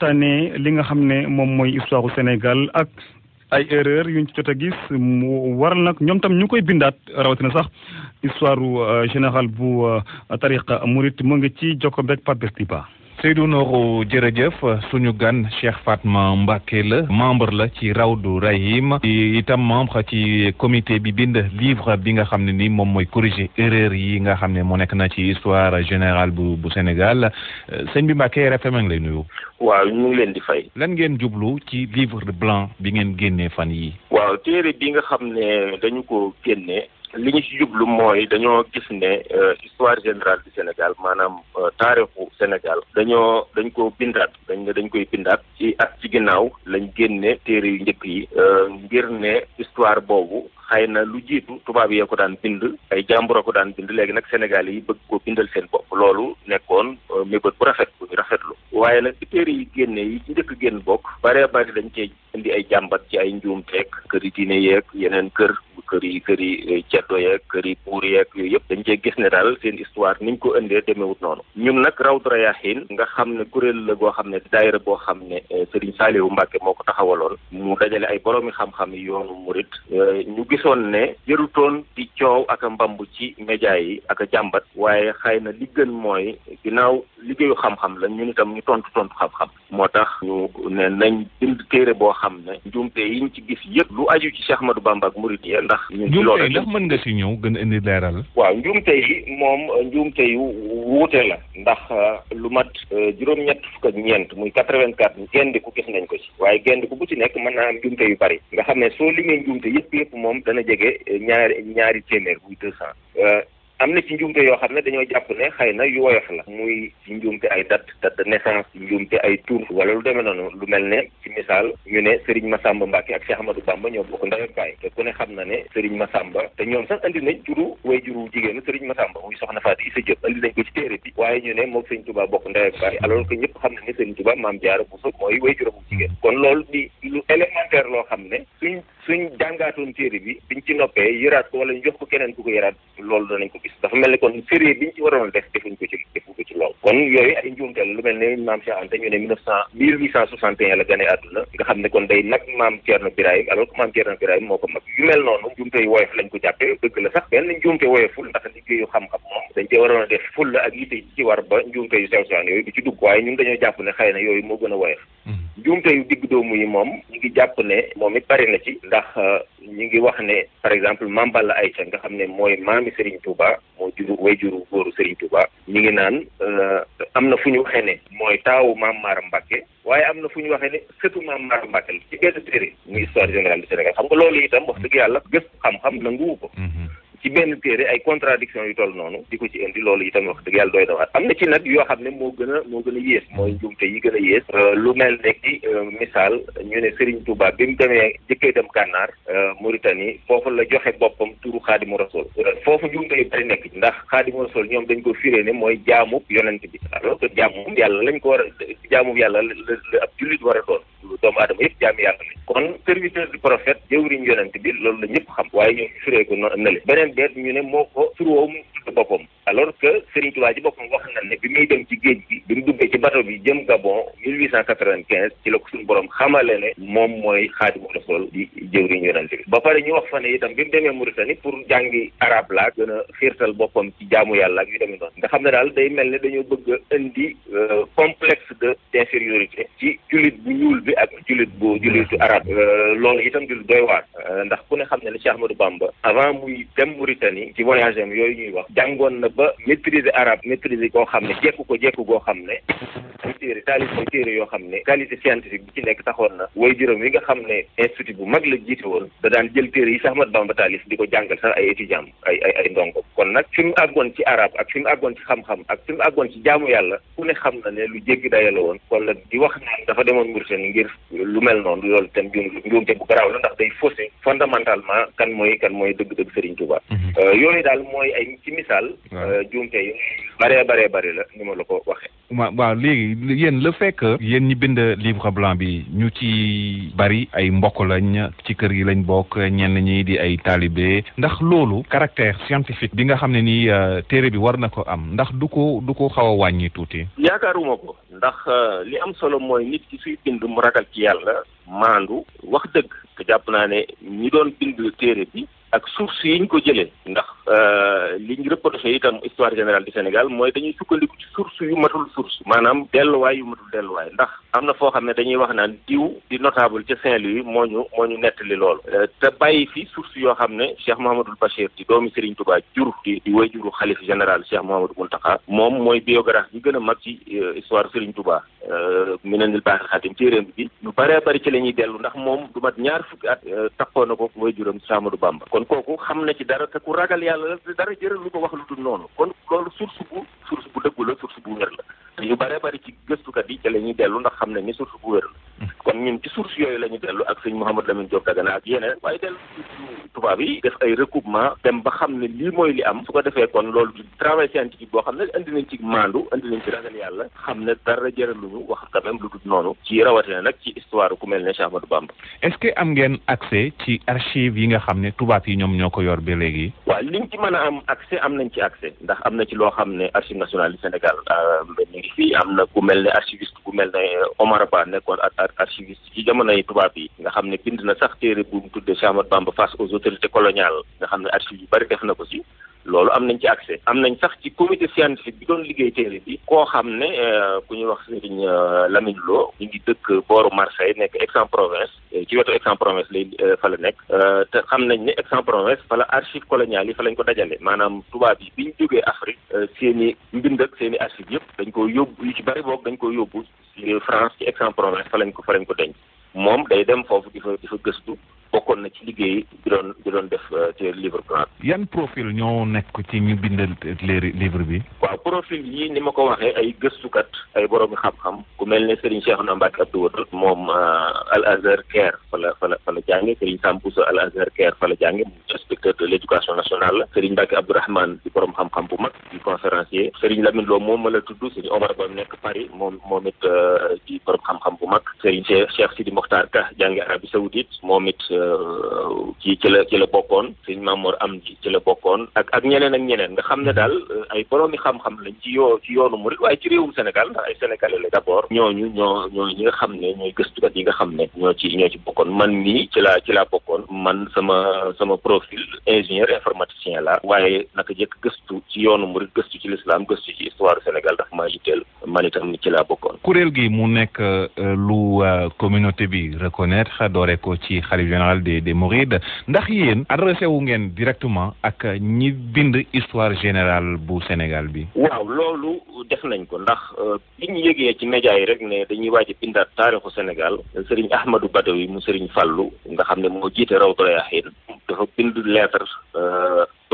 tane li nga xam ne moom mooy histoire u ak ay erreur yuñ ci jot a gis mu waral nag ñoom tam ñu koy bindaat rawatina sax histoire euh, générale bu euh, tariqa murit mu ngi ci jokko beeg Pape Bestiba Seydou Noro Djerejef, suñu gan Cheikh Fatma Mbacké la membre la ci Rawdu Rahim itam membre ci comité bi bind livre bi nga xamné ni mom moy corriger erreur yi nga xamné mo nek na ci histoire générale bu bu Sénégal euh, Seigne bi Mbacké RFM ngi lay nuyu. waaw ñu ngi leen di fay. lan ngeen jublu ci livre blanc bi ngeen génnee fan yi waaw téré bi nga xamné dañu ko génne li ñu ci jublu mooy dañoo gis ne euh, histoire générale du Sénégal maanaam euh, taarixu Sénégal dañoo dañ ko bindaat dañ dañ koy bindaat ci at ci ginnaaw lañ génne téere yu njëkk yi euh, ngir ne histoire boobu xëy na lu jiitu tubaab yee ko daan bind ay jàmbur a ko daan bind léegi nag Sénégal yi bëgg ko bindal seen bopp loolu nekkoon mébét bu rafet bu ñu rafetlu waaye nag ci téere yi génne yi ci njëkk génn bokk bare bari dañ cee indi ay jàmbat ci ay njuum teeg kër yi diine yeeg yeneen kër kër yi kër yi eh, ceddo yeeg kër yi buur yeeg yëpp dañu cee gis ne daal seen histoire niñ ko indee demeewut noonu ñun nag raw Rawdu Rayaahiin nga xam ne kuréel la goo xam ne daayira boo xam ne eh, Sëriñ Saaliwu Mbàkke moo ko taxawaloon mu dajale ay boroomi xam-xam yi yoonu murit eh, ñu gisoon ne jërutoon di coow ak a mbamb ci média yi ak jàmbat waaye xëy na li gën mooy ginnaaw liggéeyu xam la ñun tontu tontu xam-xam moo tax ñu ne nañ bind téere boo xam ne njuumte yiñ ci gis yëpp lu aju ci Cheikh Ahmadou Bamba ak murit yi ndax ñun ci loolu ndax mën nga si ñëw gën a indi leeral waaw njuumte yi moom njuumte yu wuute la ndax euh, lu mat euh, juróom-ñett fukk ak ñeent muy quatre-vingt-quatre ku gis nañ ko ci waaye ku bu ci nekk mën naa am njuumte yu bari nga xam ne soo limee njuumte yëpp yëpp moom dana jege euh, ñaari ñaari téeméer buy deux cent am na ci njuumte yoo xam ne dañoo jàpp ne xëy na yu woyof la muy ci njuumte ay date date de naissance njuumte ay tur wala lu demee noonu lu mel ne ci misaal ñu ne Serigne Massamba Mbacke ak Cheikh Amadou Bamba ñoo bokk ndey ak baay te ku ne xam na ne Serigne Massamba te ñoom sax andi nañ turu way juru jigéenu Serigne Massamba muy soxna Fatou Issa Diop andi nañ ko ci téere bi waaye ñu ne moom Serigne Touba bokk ndey ak baay alors que ñëpp xam na ne Serigne Touba maam Jaara Bousso mooy way juru jigéen kon loolu di lu élémentaire loo xam ne suñ suñ jàngaatoon téere bi biñ ci noppee yëraat ko wala ñu jox ko keneen ku ko yëraat loolu danañ ko gis dafa mel ni kon série bi ñu ci waroon def defuñ ko ci defuñ ko ci lool kon yooyu ay njuumte la lu mel ne maam Cheikh ñu ne mille neuf cent mille huit cent soixante et un la gane àdduna nga xam ne kon day nag maam Thierno Birahim alors que maam Thierno Birahim moo ko mag yu mel noonu njuumte yu woyof lañ ko jàppe dëgg la sax benn njuumte woyoful ndax liggéeyu xam-xam moom dañ cee waroon a def fulla ak yitte ci war ba njuumte yu sew sewaan yooyu du ci na yooyu moo gën a woyof hmm. njuumte yu digg doomu yi moom ñi ngi jàpp ne moom i bari na ci ndax euh, ñu ngi wax ne par exemple Mame ay Aïcha nga xam ne mooy maami Serigne Touba moo juru way juru góoru Serigne Touba ñi ngi naan euh, am na fu ñu waxee ne mooy taawu Mame Mara Mbacké waaye am na fu ñu waxee ne sëtu Mame Mara Mbacké la ci benn téere muy histoire générale du Sénégal xam nga loolu itam wax dëgg yàlla gëstu xam-xam nanguwu ko mm-hmm. ci benn téere ay contradiction yu toll noonu di ko ci indi loolu itam wax dëgg yàlla doy dawaat am na ci nag yoo xam ne moo gën a moo gën a yées mooy njuumte yi gën a yées euh, lu mel ne ci euh, misaal ñu ne Serigne Touba bi mu demee jëkkee dem gànnaar euh, Mauritanie foofu la joxe boppam turu xaadimu rasool foofu njuumte yu bari nekk ci ndax xaadimu rasool ñoom dañ ko firé ne mooy jaamub yonent bi alors que jaamub yàlla lañ ko war a yàlla la ab jullit war a doon doomu aadama yëpp jaami yàlla lañ kon serviteur du prophète jëwriñ yonent bi loolu la ñëpp xam waaye ñoom suree ko nale beneen beet ñu ne moo ko surwoow mu tudd boppam alors que Serigne Touba ci boppam wax na ne bi muy dem ci géej gi bi mu duggee ci bateau bi jëm Gabon 1895 ci la ko suñu borom xamale ne moom mooy Xaadimu Rasuul di jëwriñ yonent bi ba pare ñu wax fa ne itam bi mu demee Mauritanie pour jàngi arab la gën a xiirtal boppam ci jaamu yàlla ak yu demee noonu nga xam ne daal day mel ne dañoo bëgg a indi euh, complexe de d'infériorité ci jullit bu ñuul bi ak jullit bu jullitu arab euh, loolu itam di lu doy waar euh, ndax ku ne xam ne ne Cheikh Ahmadou Bamba avant muy dem Mauritanie ci voyage yooyu ñuy wax jàngoon maîtriser arab maîtriser koo xam ne jekku ko jekku goo xam ne taalif ay téere yoo xam ne qualité scientifique bi ci nekk taxoon na way juróom yi nga xam ne institut bu mag la jiite woon da daan jël téere yi sax Ahmad Bamba taalif di ko jàngal sax ay étudiant ay ay ay kon nag fi mu àggoon ci arab ak fi mu àggoon ci xam-xam ak fi mu àggoon ci jaamu yàlla ku ne xam na ne lu jéggi daya la woon kon nag di wax naan dafa demoon Mauritanie ngir lu mel noonu loolu itam njuumte bu garaaw la ndax day faussé fondamentalement kan mooy kan mooy dëgg-dëgg Serigne Touba mhm. euh, yooyu daal mooy ay ci misaal euh, juumte yi bëree bëree bari la ni ma la ko waxee. waaw waaw léegi yéen la fekk. yéen ñi bind livre blanc bi ñu ci bari ay mbokk lañ ci kër gi lañ bokk ñenn ñi di ay taalibe ndax loolu caractère scientifique bi nga xam ne nii euh, téere bi war na ko am ndax du ko du ko xaw a wàññi tuuti. yaakaaruma ko ndax euh, li am solo mooy nit ki suy bind mu ragal ci yàlla maandu wax dëgg. jàpp naa ne ñi doon bind téere bi. ak source yi ñu ko jëlee. ndax Euh, li ñu reproché itam histoire générale du Sénégal mooy dañuy sukkandiku ci source yu matul source maanaam delluwaay yu matul delluwaay ndax am na foo xam ne dañuy wax naan diw di notable ci Saint Louis moo ñu moo ñu nettali loolu euh, te bàyyi fi source yoo xam ne Cheikh Mouhamadoul Bachir di doomi Serigne Touba jur di di way juru xalif général Cheikh Mouhamadou Mountakha moom mooy biographe bi gën a mag ci euh, histoire Serigne Touba minanil baaxil xatim téeréem bi lu bare bari ci lañuy ñuy dellu ndax moom du mat ñaar fukki at taxoo na ko way juram Samadou Bamba kon kooku xam na ci dara te ku ragal yaa yàlla la dara jëral lu ko wax lu dul noonu kon loolu source bu suur bu dëggu la source bu wér la te yu bare bari ci gëstukat yi ci la dellu ndax xam ne ni source bu wér mm. kon ñun ci source yooyu la ñu dellu ak sëñ Mouhamadou Lamine Diop Dagana ak yeneen waaye dellu tubaab yi def ay recoupement dem ba xam ne lii mooy li am su ko defee kon loolu du travail scientifique boo xam ne indi nañ ci maandu indi nañ ci ragal yàlla xam ne dara jëraluñu wax quand même lu dul noonu ci rawatina nag ci histoire ku mel ne Cheikh Ahmadou Bamba am ngeen accès ci archive yi nga xam ne tubaab yi ñoom ñoo ko yor ba léegi waaw liñ ci mën a am accès am nañ ci accès ndax am na ci loo xam ne archive nationale du Sénégal euh, politique am na ku mel ne archiviste bu mel ne eh, Omar Ba nekkoon ak archiviste ci jamonoy tubaab yi nga xam ne bind na sax téere bu mu tuddee Cheikh Ahmadou Bamba face aux autorités coloniales nga xam ne archive yu bari def na ko ci loolu am nañ ci accès am nañ sax ci comité scientifique bi doon liggéey teere bi koo xam ne euh, ku ñuy wax Serigne euh, Lamine Lo ñu ngi dëkk booru Marseille nekk aix euh, ci wetu Aix-en-Provence lay fa la nekk te xam nañ ni Aix-en-Provence fa la archive coloniale yi fa lañ ko dajale maanaam tubaab yi bi ñu jógee Afrique seen i mbind ak seen i archive yëpp dañ ko yóbbu yu ci bari boog dañ ko yóbbu France ci aix fa lañ ko fa lañ ko denc moom day dem foofu di fa di fa gëstu bokkoon na ci liggéey bi doon bi doon def euh, ci livre blanc. yan profil ñoo nekk ci ñu bindal livre bi. waaw profil yi ni ma ko waxee ay gëstukat ay borom xam-xam ku mel ne Serigne Cheikhouna Mbacké Abdou Wadoud moom euh, Al Azhar Caire fa la fa la fa la jànge Serigne Sambousa Al Azhar Caire fa la jànge moom inspecteur de l' éducation nationale la Serigne Mbacké di borom xam-xam bu mag di conférencier Serigne Lamine Lo moom ma la tudd Serigne Omar Ba nekk Paris moom moom it euh, di borom xam bu mag Serigne Cheikh Sidi Mokhtar Ka jànge Arabie kii ci la ci la bokkoon sëñ Mamoor am ci la bokkoon ak ak ñeneen ak ñeneen nga xam ne daal euh, ay boroomi xam-xam lañ ci yoo ci yoonu murit waaye ci réewum Sénégal ndax ay Sénégalais la d'abord ñooñu ñoo ñoo ñi nga xam ne ñooy gëstukat yi nga xam ne ñoo ci ñoo ci bokkoon man mii ci laa ci laa bokkoon man sama sama profil ingénieur informaticien la waaye naka jëkk gëstu ci yoonu murit gëstu ci lislaam gëstu ci histoire Sénégal dafa maa yitteel man itam ci laa bokkoon kuréel gi mu nekk euh, lu euh, communauté général des des Mourides ndax yéen adressé wu ngeen directement ak ñi bind histoire générale bu Sénégal bi. waaw loolu def nañ ko ndax euh, bi ñu yëgee ci média yi rek ne dañuy waaj a bindaat taarixu Sénégal Serigne Ahmadou Badawi mu Serigne Fallou nga xam ne moo jiite Rawdu Rayaahiin dafa bind lettre. Euh,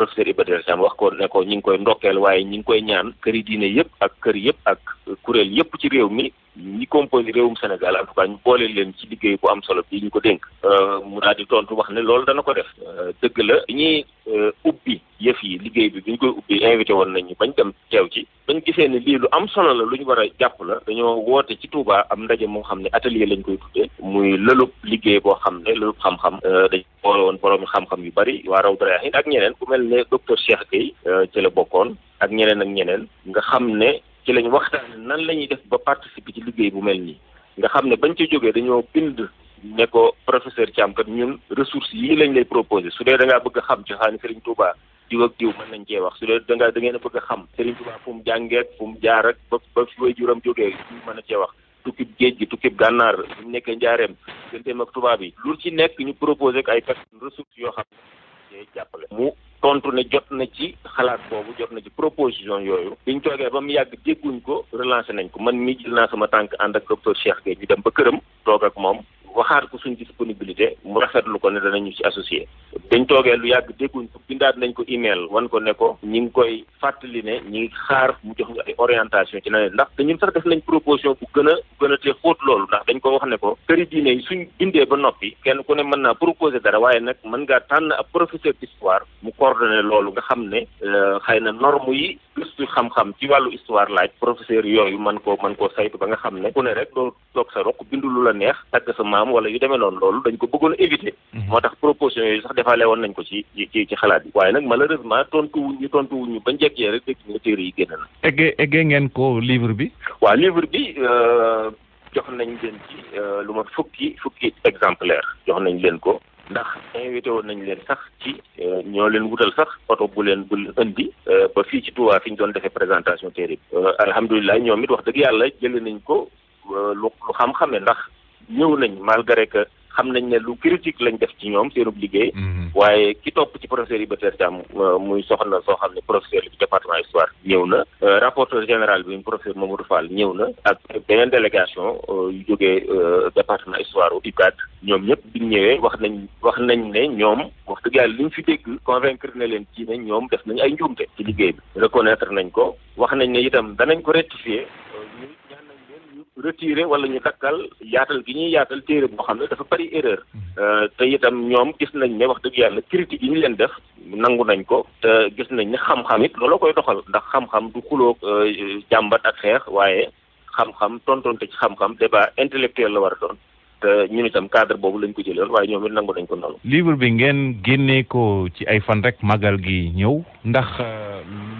professeur Ibadel Sam wax ko ne ko ñi ngi koy ndokkel waaye ñi ngi koy ñaan yi diine yépp ak kër yépp ak kuréel yépp ci réew mi ñi composé réewum Sénégal en tout cas ñu boole leen ci liggéey bu am solo bii ñu ko dénk euh, mu daal di tontu wax ne loolu dana ko def euh, dëgg la ñi euh, ubbi yëf yi liggéey bi bi ñu koy ubbi invité woon nañu bañ dem teew ci bañ gisee ne lii lu am solo la lu ñu war a jàpp la dañoo woote ci Touba am ndaje moo xam ne atelier lañ koy tuddee muy lëlub liggéey boo xam ne lëlub xam-xam euh, dañ boole woon boroomi xam-xam yu bari waa raw daraaxin ak ñeneen ku mel ne docteur Cheikh Gueye euh, ci la bokkoon ak ñeneen ak ñeneen nga xam ne ci lañ waxtaan nan la ñuy def ba participer ci liggéey bu mel nii nga xam ne bañ ca jógee dañoo bind ne ko professeur Thiam kat ñun ressources yii lañ lay proposé su dee da bëgg a xam ci xaani Serigne Touba diw ak diw mën nañ cee wax su dee da ngaa da ngeen a bëgg xam Serigne Touba fu mu jàngeek fu mu jaar ak ba ba fi way juram jógee mën a cee wax tukkib géej gi tukkib gànnaar bu nekkee njaareem gënteem ak tubaab yi lu ci nekk ñu proposé ak ay personnes ressources yoo xam ne jàppale mu tontu ne jot na ci xalaat boobu jot na ci proposition yooyu biñ toogee ba mu yàgg dégguñ ko relancé nañ ko man mii jël naa tànk ànd ak docteur Cheikh Gueye ñu dem ba këram toog ak moom waxaat ko suñ disponibilité mu rafetlu ko ne danañu ci associé dañ toogee lu yàgg dégguñ ko bindaat nañ ko email wan ko ne ko ñi koy fàttali ne ñi ngi xaar mu jox ñu ay orientation ci nawet ndax dañun sax def nañ proposition bu gën a bu gën a te xóot loolu ndax dañ ko wax ne ko këri diine yi suñ bindee ba noppi kenn ku ne mën naa proposer dara waaye nag mën ngaa tànn ab professeur d'histoire mu coordonné loolu nga xam ne euh, xay na norme yi gëstu xam-xam ci wàllu histoire laaj professeur yooyu mën koo mën koo saytu ba nga am wala yu deme non lolou dañ ko bëggoon éviter mhm. motax proposition yi sax defaale won nañ ko ci ci ci xalaat bi waye nak malheureusement tontu wuñu tontu wuñu bañ njëkkee ya rek dégg nga téere yi gënal na eggee ngeen ko livre bi wa livre bi euh jox nañ leen ci euh, lu ma fukki fukki exemplaire jox nañ leen ko ndax invité won nañ leen sax ci euh, ñoo leen wutal sax auto bu leen bu indi euh, ba fi ci Touba fiñ doon defee présentation téere alhamdoulillah ñoom it wax dëgg yàlla jël nañ ko lu xam xamé ndax ñëw nañ malgré que xam nañ ne lu critique lañ def ci ñoom seenub liggéey. Mhm. waaye ki topp ci professeur Iba Der Thiam euh, muy soxna soo xam ne professeur bi département histoire ñëw na. Euh, rapporteur général bi professeur Mamadou Fall ñëw na ak beneen délégation euh, yu jógee département histoire u IPCAD ñoom ñëpp biñ ñëwee wax nañ wax nañ ne ñoom wax dëgg yàlla li ñu fi dégg convaincre na leen ci ne ñoom def nañ ay njuumte ci liggéey bi. reconnaître nañ ko wax nañ ne itam danañ ko rectifier. retirer wala ñu dakkal yaatal gi ñuy yaatal téere boo xam ne dafa bari erreur euh, te itam ñoom gis nañ ne wax dëgg yàlla critique yi ñu leen def nangu nañ ko te gis nañ ne xam-xam it looloo koy doxal ndax xam-xam du xuloo euh, jàmbat ak xeex waaye xam-xam te ci xam-xam débat intellectuel la war a doon te ñun itam cadre boobu lañ ko jëloon waaye ñoom it nangu nañ ko noonu. livre bi ngeen génnee ko ci ay fan rek magal gi ñëw ndax. Euh,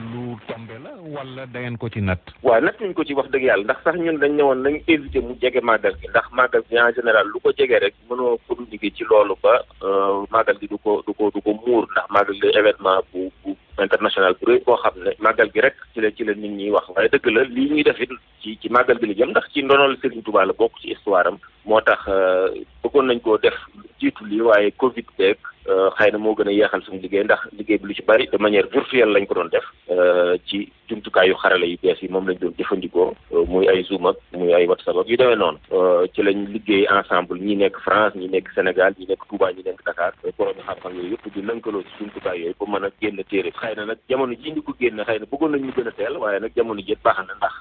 wala da ngeen ko ci waa waaw nattuñ ko ci wax dëgg yàlla ndax sax ñun dañ ne woon nañ éviter mu jege màggal gi ndax màggal gi en général lu ko jege rek mënoo communiquer ci loolu ba euh, màggal gi du ko du ko du ko muur ndax màggal gi événement bu bu international bu rëy boo xam ne màggal gi rek ci la ci la nit ñi wax waaye dëgg la lii ñuy def it ci ci màggal gi la jëm ndax ci ndonol Serigne Touba tubaala bokk ci histoire am moo tax euh, bëggoon nañ koo def jiitu lii waaye Covid beeg euh, xëy na moo gën a yeexal suñu liggéey ndax liggéey bi lu ci bari de manière lañ ko doon def. Euh, ci jumtukaay xarala yu bees yi moom lañ doon jëfandikoo euh, muy ay Zoom ak muy ay WhatsApp ak yu demee noonu euh, ci lañ liggéey ensemble ñi nekk France ñi nekk Sénégal ñi nekk Touba ñi nekk Dakar borom xam-xam yooyu yëpp di ba mën a génn téere xëy na nag jamono ji ñu ko génn xëy na bëggoon nañ gën a teel waaye nag jamono ji baax na ndax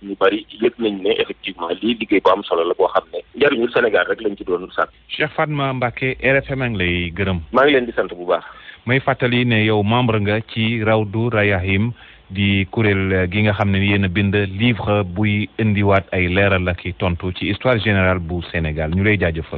ñu bari yëg nañ ne effectivement lii liggéey bu am solo la boo xam ne njariñul Sénégal rek lañ ci doon sàkk. Cheikh Fatma Mbacké RFM a ngi lay gërëm. maa bu baax may fàttali ne yow membre nga ci raw Rawdu Rayaahiin di kuréel gi nga xam ne yéen a bind livre buy indiwaat ay leeral ak i tontu ci histoire générale bu Sénégal ñu lay jaajëfal.